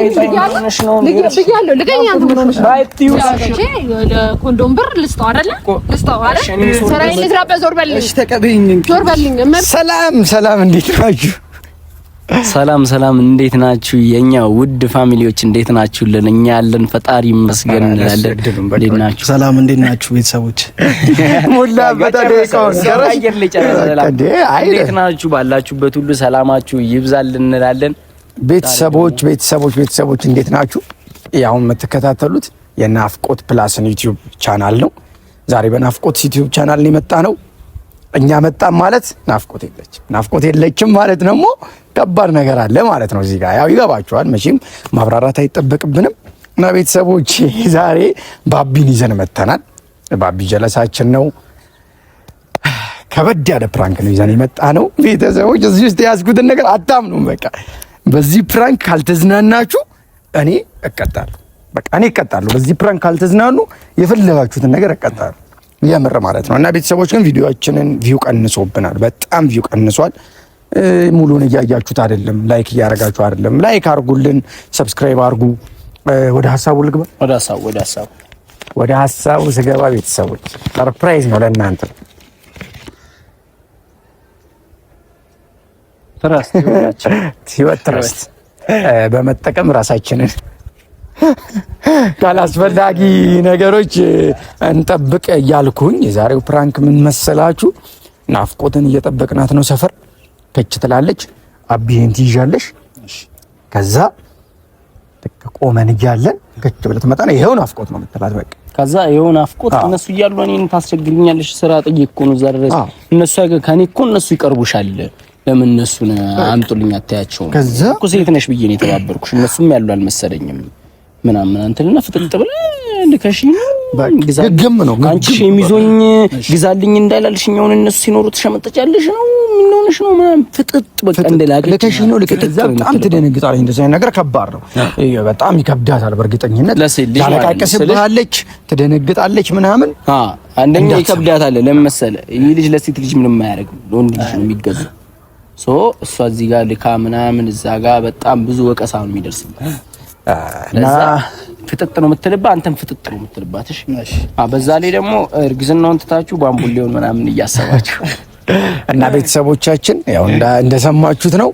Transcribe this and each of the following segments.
ሰላም ሰላም፣ እንዴት ናችሁ? ሰላም ሰላም፣ እንዴት ናችሁ? የኛ ውድ ፋሚሊዎች እንዴት ናችሁ? እኛ ያለን ፈጣሪ ይመስገን እንላለን። ሰላም፣ እንዴት ናችሁ ቤተሰቦች? ሙላ ናችሁ? ባላችሁበት ሁሉ ሰላማችሁ ይብዛልን እንላለን። ቤተሰቦች ቤተሰቦች ቤተሰቦች እንዴት ናችሁ? ያሁን የምትከታተሉት የናፍቆት ፕላስን ዩቲዩብ ቻናል ነው። ዛሬ በናፍቆት ዩቲዩብ ቻናል የመጣ ነው። እኛ መጣም ማለት ናፍቆት የለችም። ናፍቆት የለችም ማለት ደግሞ ከባድ ነገር አለ ማለት ነው። እዚህ ጋር ያው ይገባችኋል። መቼም ማብራራት አይጠበቅብንም እና ቤተሰቦች ዛሬ ባቢን ይዘን መተናል። ባቢ ጀለሳችን ነው። ከበድ ያለ ፕራንክ ነው ይዘን የመጣ ነው። ቤተሰቦች እዚህ ውስጥ የያዝኩትን ነገር አታምኑም። በቃ በዚህ ፕራንክ ካልተዝናናችሁ እኔ እቀጣለሁ። በቃ እኔ እቀጣለሁ። በዚህ ፕራንክ ካልተዝናኑ የፈለጋችሁትን ነገር እቀጣለሁ። የምር ማለት ነው። እና ቤተሰቦች ግን ቪዲዮችንን ቪው ቀንሶብናል። በጣም ቪው ቀንሷል። ሙሉን እያያችሁት አይደለም፣ ላይክ እያደረጋችሁ አይደለም። ላይክ አድርጉልን፣ ሰብስክራይብ አድርጉ። ወደ ሀሳቡ ልግባ። ወደ ሀሳቡ ወደ ሀሳቡ ስገባ ቤተሰቦች ሰርፕራይዝ ነው ለእናንተ ትረስት በመጠቀም ራሳችንን ካላስፈላጊ ነገሮች እንጠብቅ እያልኩኝ የዛሬው ፕራንክ ምን መሰላችሁ? ናፍቆትን እየጠበቅናት ነው። ሰፈር ከች ትላለች። አብዬን ትይዣለሽ። ከዛ ቆመን እያለን ከች ብለህ ትመጣለህ። ይኸው ናፍቆት ነው የምትላት በቃ ከዛ ይኸው ናፍቆት እነሱ እያሉ እኔን ታስቸግሪኛለሽ። ስራ ጥዬ እኮ ነው እዛ ድረስ እነሱ ከኔ እኮ እነሱ ይቀርቡሻል ለምን እነሱን አምጡልኝ አታያቸው? ከዛ እኮ ሴት ነሽ ብዬ ነው የተባበርኩሽ። እነሱም ያሉ አልመሰለኝም ምናምን አንተና ፍጥጥ ብለ ልከሽኝ ግግም ነው አንቺ የሚዞኝ ግዛልኝ እንዳላልሽኝ አሁን እነሱ ሲኖሩ ትሸመጠጫለሽ ነው ምንሆነሽ ነው ምናምን ፍጥጥ በቃ እንደላገ ልከሽኝ ነው ልከ በጣም ትደነግጣለሽ። እንደዚህ አይነት ነገር ከባድ ነው፣ በጣም ይከብዳታል። በእርግጠኝነት ታለቃቀስብሃለች፣ ትደነግጣለች ምናምን። አንደኛ ይከብዳታል። ለምን መሰለህ ይህ ልጅ ለሴት ልጅ ምንም አያደርግም፣ ለወንድ ልጅ ነው የሚገዛው ሶ እሷ እዚህ ጋር ልካ ምናምን እዛ ጋር በጣም ብዙ ወቀሳ ነው የሚደርስበት ፍጥጥ ነው የምትልባት፣ አንተም ፍጥጥ ነው የምትልባት። እሺ በዛ ላይ ደግሞ እርግዝናውን ትታችሁ ባምቡሌውን ምናምን እያሰባችሁ እና ቤተሰቦቻችን ያው እንደሰማችሁት ነው፣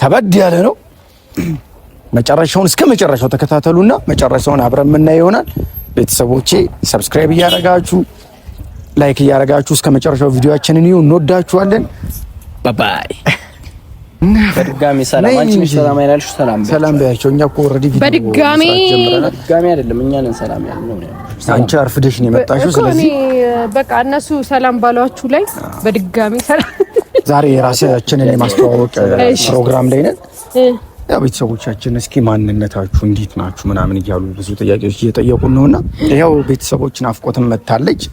ከበድ ያለ ነው። መጨረሻውን እስከ መጨረሻው ተከታተሉና መጨረሻውን አብረን የምናየው ይሆናል። ቤተሰቦቼ ሰብስክራይብ እያረጋችሁ ላይክ እያረጋችሁ እስከ መጨረሻው ቪዲዮችንን ይሁን። እንወዳችኋለን። ባይ በድጋሚ ሰላም አንቺ ምን ሰላም አይላልሽ። ሰላም ሰላም በያቸው። እኛ እኮ ኦልሬዲ ቪዲዮ በድጋሚ በድጋሚ አይደለም እኛ ነን ሰላም ያልነው አንቺ አርፍደሽ ነው የመጣሽው። ስለዚህ በቃ እነሱ ሰላም ባሏችሁ ላይ በድጋሚ ሰላም። ዛሬ የራሳችንን የማስተዋወቅ ፕሮግራም ላይ ነን። ያ ቤተሰቦቻችን እስኪ ማንነታችሁ እንዴት ናችሁ ምናምን እያሉ ብዙ ጥያቄዎች እየጠየቁ ነውና ያው ቤተሰቦች ናፍቆትን መታለች።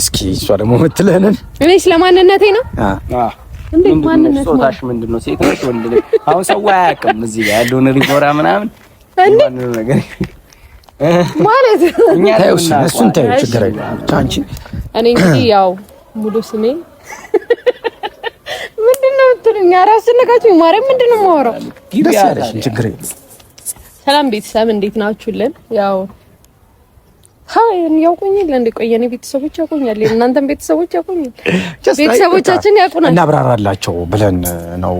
እስኪ እሷ ደግሞ ምትለንን እኔ ስለማንነቴ ነው እንዴት ማንነት ነው? ጾታሽ ምንድን ነው? ሴት ነሽ ወንድ ነሽ? አሁን ሰው አያውቅም እዚህ ጋር ያለውን ሪጎራ ምናምን ማንንም ነገር ማለት እኛ እሱን ታዩ ችግር የለም። አንቺ እኔ እንግዲህ ያው ሙሉ ስሜ ምንድን ነው የምትሉኝ? ኧረ አስነካችሁኝ። ማርያም ምንድን ነው የማወራው? ደስ ያለሽ ችግር የለም። ሰላም ቤተሰብ እንዴት ናችሁልን? ያው ሀይ ያውቁኛል። እንደ ቆይ የእኔ ቤተሰቦች ያውቁኛል፣ እናንተም ቤተሰቦች ያውቁኛል፣ ቤተሰቦቻችን ያውቁናል። እናብራራላቸው ብለን ነው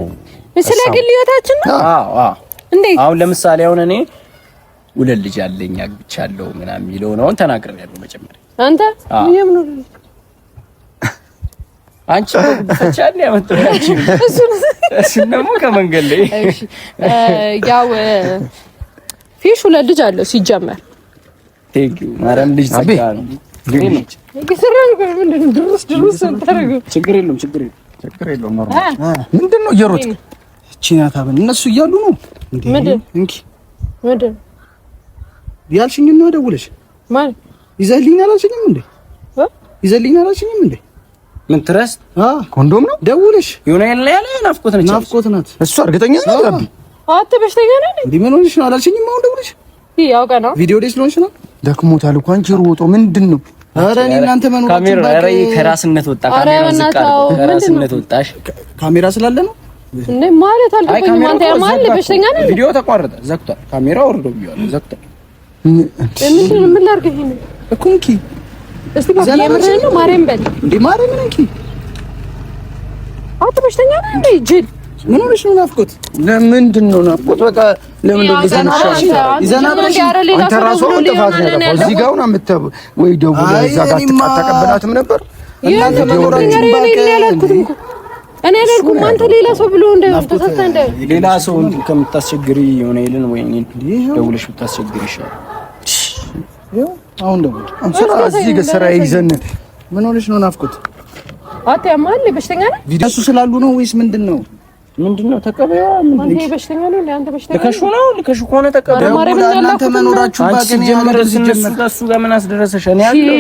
ስለ ግል ህይወታችን ነው። እንዴ፣ አሁን ለምሳሌ አሁን እኔ ሁለት ልጅ አለኝ አግብቻለሁ ምናምን የሚለውን አሁን ተናግሬያለሁ። መጀመሪያ አንተ ምንም ነው አንቺ ብቻን ያመጣሽ እሱ ደግሞ ከመንገድ ላይ ያው ፊሽ ሁለት ልጅ አለው ሲጀመር ቴንክ ዩ ማርያም ምንድን ነው እየሮጥክ ቺናታ በን እነሱ እያሉ ነው እንዴ? ያልሽኝ ነው ደውለሽ ማን ይዘልኝ አላልሽኝም እንዴ? ይዘልኝ አላልሽኝም እንዴ? ምን ትረስ ኮንዶም ነው ደውለሽ የሆነ ያለ ያለ ናፍቆት ነች ናፍቆት ናት። እሱ እርግጠኛ ነው። አትበሽተኛ ነው እንዴ? ምን ሆነሽ ነው አላልሽኝም? አሁን ደውለሽ ያው ቀና ቪዲዮ ላይ ስለሆንሽ ነው ደክሞታል እኮ አንቺ ሮጦ ምንድን ነው? ኧረ እኔ እናንተ ካሜራ ከራስነት ወጣ ካሜራ ከራስነት ወጣሽ። ካሜራ ስላለ ነው እንዴ ማለት አልገባኝም። አንተ ያማል በሽተኛ ነህ። ቪዲዮ ተቋረጠ፣ ዘግቷል። ካሜራ ወርዶ ቢሆን ዘግቷል። ምንድን ነው ምን ላድርግ? ይሄን እኮ እንኪ እስቲ ማርያም በል እንዴ ማርያም እንኪ። አንተ በሽተኛ ነህ እንዴ ጅል ምን ሆነሽ ነው ናፍቆት? ለምንድን ነው ናፍቆት? በቃ ለምን ነው ጥፋት እዚህ ጋር ነው ወይ ደውላ እዛ ጋር አትቀበላትም ነበር። እኔ አላልኩም። አንተ ሌላ ሰው ብሎ እንዳይሆን ሌላ ሰው ከምታስቸግሪ የሆነ ይልን ወይ እኔ ደውለሽ ብታስቸግሪ ይሻላል። ምን ሆነሽ ነው ናፍቆት? አታያማል። በሽተኛ ነህ እሱ ስላሉ ነው ወይስ ምንድን ነው? ምንድነው? ተቀበያ ምንድነው? ነው ተቀበያ ያለ ከሱ ጋር ምን አስደረሰሽ? እኔ ያለው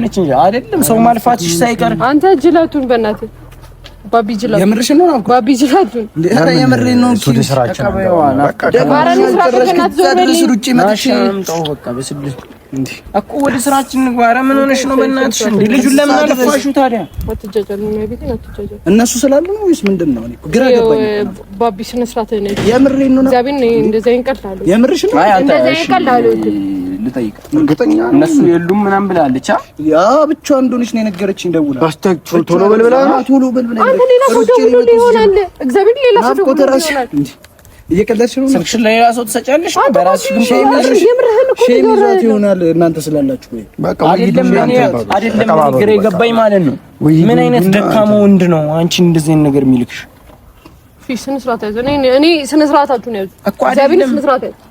እንጂ አይደለም ሰው ማልፋትሽ ሳይቀር አንተ ጅላቱን በእናትህ ባቢ ጅላቱ የምርሽ ነው ባቢ ጅላቱን ኧረ ነው እንጂ ደባራኒ ስራ ሩጪ መጥሽ በቃ እኮ ወደ ስራችን እንግባ። ኧረ ምን ሆነሽ ነው በእናትሽ? እንዴ ልጁን ለምን አለፋሽው ታዲያ? እነሱ ስላሉ ነው ወይስ ምንድን ነው? ግራ ገባኝ። ባቢ ስነ ስርዓት ነው። የምሬን ነው። እንደዛ ይንቀላሉ። የምርሽ ነው። እንደዛ ይንቀላሉ። ልጠይቅ እርግጠኛ እነሱ የሉም ምናምን ብላለች። ያ ብቻ እንደሆነች ነው የነገረችኝ። ደውላ ቶሎ በል ብላ ቶሎ በል ብላ እየቀለድሽ ነው። ስልክሽን ለሌላ ሰው ትሰጫለሽ። በራስሽ ግን ሼም ይዟት ይሆናል። እናንተ ስላላችሁ አይደለም ግሬ የገባኝ ማለት ነው። ምን አይነት ደካማ ወንድ ነው አንቺን እንደዚህ አይነት ነገር የሚልክሽ? ስነ ስርዓት ያዙ። እኔ ስነ ነው ያዙ እኮ አይደለም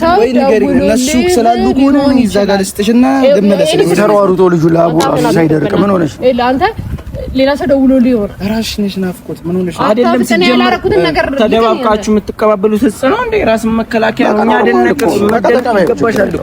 ሰው እነሱ ስላሉ ከሆነ ምን ሌላ ሰው ደውሎ ሊሆን ራስሽ ነሽ ናፍቆት ምን ሆነሽ? አይደለም ሲጀመር ተደባብቃችሁ የምትቀባበሉት ነው እንዴ? ራስን መከላከያ ነው። እኛ አይደለም ይገባሻል እኮ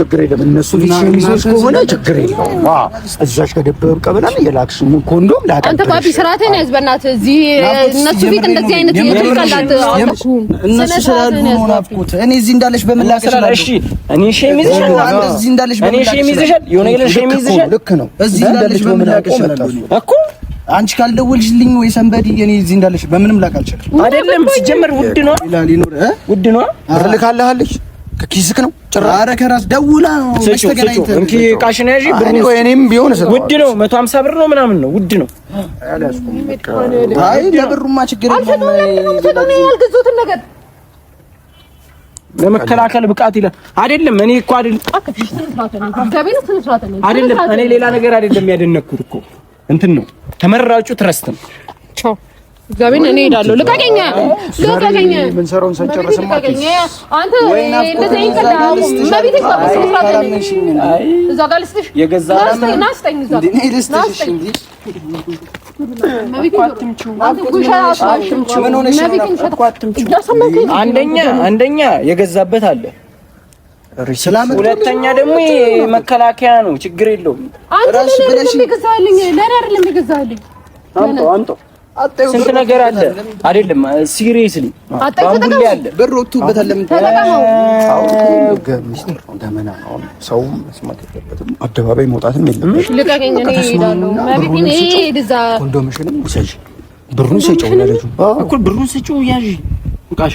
ችግር የለም። እነሱ ሊሸሚዞች ከሆነ ችግር የለውም። እዛሽ ከደበብ ቀበላ የላክሽ ኮንዶም ላቀንተ አንተ ፓፒ ስርዓትህን ያዝበናት በእናትህ። እዚህ እነሱ ቤት እንደዚህ አይነት የጥልቃላት እነሱ ስላሉ ነው ናፍቆት። እኔ እዚህ እንዳለሽ በምን ላከሽ? እሺ እኔ ሸሚዝ ይሻል፣ እዚህ እንዳለሽ በምን ላከሽ? ሸሚዝ ይሻል፣ የሆነ የለ ሸሚዝ ይሻል። ልክ ነው። እዚህ እንዳለሽ በምን ላከሽ እኮ አንቺ ካልደወልሽልኝ ወይ ሰንበዲ እኔ እዚህ እንዳለሽ በምንም ላክ አልችልም። አይደለም ሲጀመር ውድ ነው፣ ውድ ነው። እልካለሁ አለች ከኪስክ ነው ጭራሽ። ኧረ ከራስ ደውላ ነው እንኪ እቃሽን ያዢ። ብር ነው እኔም ቢሆን ውድ ነው፣ መቶ ሀምሳ ብር ነው ምናምን ነው ውድ ነው። አይ ለብሩማ ችግር ያልገዙትን ነገር ለመከላከል ብቃት ይላል አይደለም። እኔ እኮ አይደለም እኔ ሌላ ነገር አይደለም ያደነኩት እኮ እንትን ነው ተመራጩ ትረስትም ነው። እግዚአብሔር እኔ እሄዳለሁ። ልቀቀኝ፣ ልቀቀኝ። ምን ሰራውን ሳንጨርስ አንተ እንደዚህ አንደኛ አንደኛ የገዛበት አለ ሁለተኛ ደግሞ መከላከያ ነው። ችግር የለውም። አንተ ለምን ስንት ነገር አለ አይደለም? ሲሪየስሊ ባምቡሌ አለ ብር ወጥቶበታል። ለምን ሰው መስማት የለበትም። አደባባይ መውጣትም የለበትም። ልቀቀኝ ነው ይላሉ። ብሩን ሰጪው ያዥ ቃሽ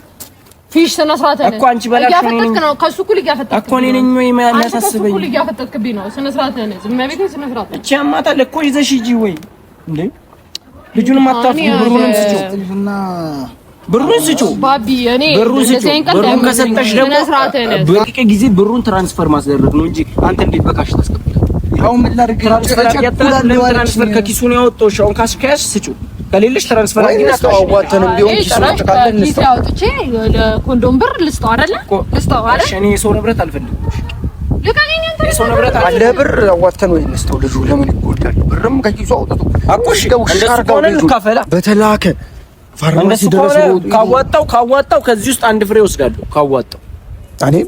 ፊሽ ስነ ስርዓት እኮ አንቺ በላሽ ነው። ከሱ እያፈጠጥክ ነኝ ነው። ስነ ነው። ዝም እቺ እኮ ይዘሽ ወይ እንዴ! ልጁንም አታፍ ብሩንም ስጪው ብሩን ስጪው ባቢ። እኔ ብሩን ስጪው። ብሩን ከሰጠሽ ደግሞ በቂ ጊዜ ብሩን ትራንስፈር ማስደረግ ነው እንጂ አንተ እንዴት በቃሽ ታስቀምጣለህ? ያው ምን ላድርግ? ትራንስፈር ከኪሱ ነው ያወጣው። አሁን ካሽ ከያዝሽ ከሌለሽ ትራንስፈር አግኝተሽ ቢሆን ኪስ አውጥቼ ለኮንዶም ብር ልስጠው አይደለ? ልስጠው አይደል? እኔ የሰው ንብረት አልፈልግም። ልቀቀኝ። አንተ የሰው ንብረት አለ ብር ልጁ ፋርማሲ ድረስ ካዋጣው ካዋጣው ከዚህ ውስጥ አንድ ፍሬ ወስዳለሁ። ካዋጣው እኔም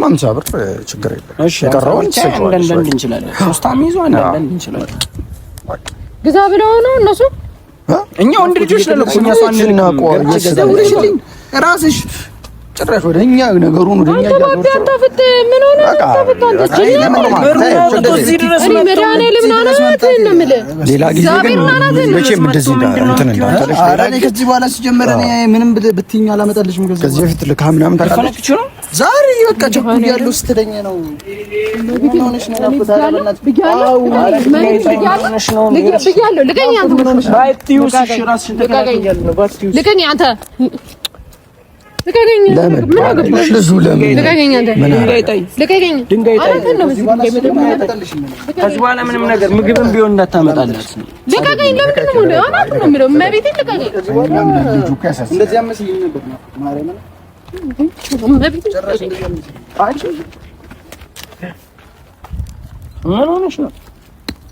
ሁሉም አምሳ ብር ችግር የለም። የቀረውን አንዳንድ እንችላለን፣ ሶስታም ይዞ አንዳንድ እንችላለን። ግዛ ብለው ነው እነሱ። እኛ ወንድ ልጆች ነን እኮ እኛ ራስሽ ጭራሽ ወደ እኛ ነገሩን ወደ እኛ ምን ሆነ? ከዚህ በኋላ ሲጀመር ምንም ብትይኝ አላመጣልሽም። ከዚህ በፊት ልካ ምናምን ዛሬ በቃ ቸኩል ያለው ስትለኝ ነው አንተ ከዚህ በኋላ ምንም ነገር ምግብም ቢሆን እንዳታመጣላት። ልቀቀኝ! ለምንድን ነው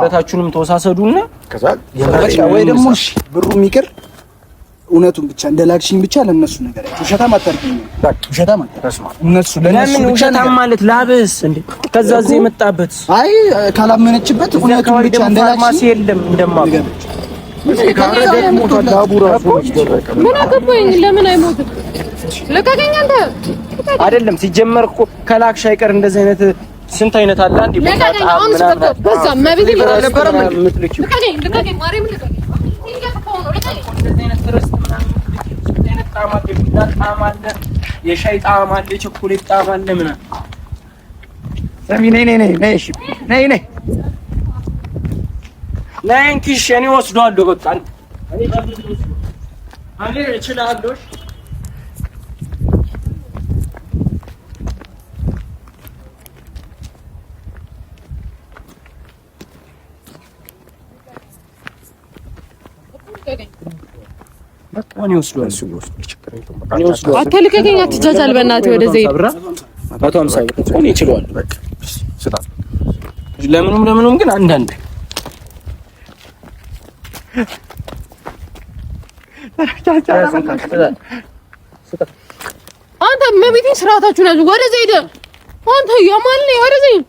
ንብረታችሁንም ተወሳሰዱና ከዛ ወይ ደግሞ ብሩ የሚቅር እውነቱን ብቻ እንደ ላክሽኝ ብቻ ለነሱ ነገር ውሸታም አታርጊኝ። ውሸታም እነሱ ለምን ውሸታም ማለት ላብስ እንዴ? ከዛ እዚህ የመጣበት አይ ካላመነችበት እውነቱን ብቻ እንደ ላክሽኝ የለም እንደማቁ ምን አይደለም ሲጀመር እኮ ከላክሽ አይቀር እንደዚህ አይነት ስንት አይነት አለ አንዴ በቃ አሁን ስበቃ በዛ መብት ይብራል ነበር ምትልኪው ልቀቀኝ ልቀቀኝ ማርያም ልቀቀኝ የሻይ ጣዕም አለ፣ የቸኮሌት ጣዕም አለ። ምናምን ሰሚ ነይ ነይ ነይ ነይ እሺ ነይ ነይ ነይ እንኪሽ እኔ ወስደዋለሁ በቃ እኔ እችላለሁ። አትልቀቀኝ፣ አትጃጃል። በእናትህ ወደ ዘይድ ይችለዋል። ለምኑም ለምኑም ግን አንዳንድ አንተ መቤቴን ስርዓታችሁን ያዙ። ወደ ዘይድ አንተ ያማል ወደ ዘይድ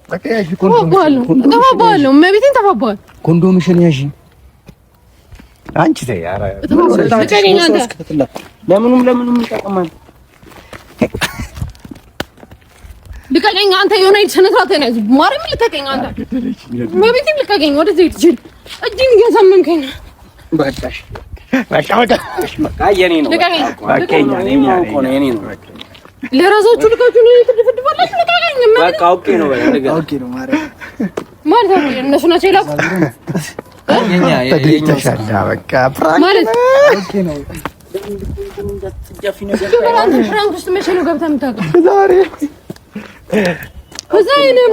ተፋባለሁ። መቤቴን ተፋባል። ኮንዶምሽን ያዥ አንቺ ተይ። ኧረ ለምኑም ለምኑም ይጠቅማል። ልቀቀኝ አንተ የሆነ ስነ ስርዓት ነው። ማርያምን ልቀቀኝ አንተ መቤቴን ልቀቀኝ። ወደዚህ ሂድ። እጅን እያሳመምከኝ በቃሽ። በቃ በቃ በቃ የኔ ነው ለራሳችሁ ልቃችሁ ነው ትድፍድፋላችሁ። ልቀቀኝ። በቃ ኦኬ ነው በቃ ኦኬ ነው። ማርያምን ማርያምን እነሱ ናቸው የላኩት ተገኝተሻል። በቃ ፕራንክ መቼ ነው ገብታ የምታውቀው? ዛሬ እዛ ደስ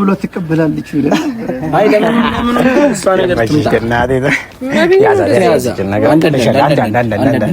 ብሎ ትቀበላለች አንዳንድ አንዳንድ አንዳንድ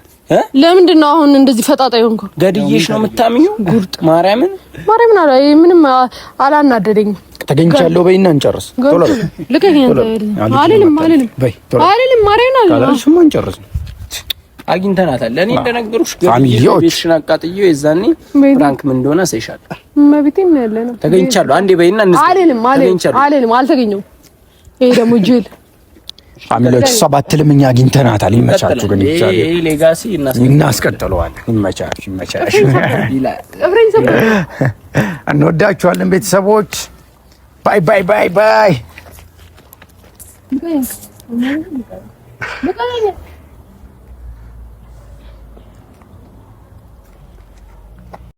ለምንድን ነው አሁን እንደዚህ ፈጣጣ ይሆንኩ? ገድዬሽ ነው የምታምኙ? ጉርጥ ማርያምን ማርያምን አላ ምንም አላናደደኝም። ተገኝቻለሁ በይና እንጨርስ። ቶሎ በይ ቶሎ አግኝተናታል። እንደነገሩሽ ቤትሽን ፍራንክ ምን እንደሆነ አሳይሻለሁ። ነው ተገኝቻለሁ። አንዴ በይና እንስ አልተገኘሁም። ይሄ ደግሞ ጅል ፋሚሊዎች እሷ ባትልም እኛ አግኝተናታል። ይመቻችሁ፣ ግን እናስቀጥለዋለን። ይመቻችሁ፣ ይመቻችሁ። እንወዳችኋለን ቤተሰቦች። ባይ ባይ ባይ ባይ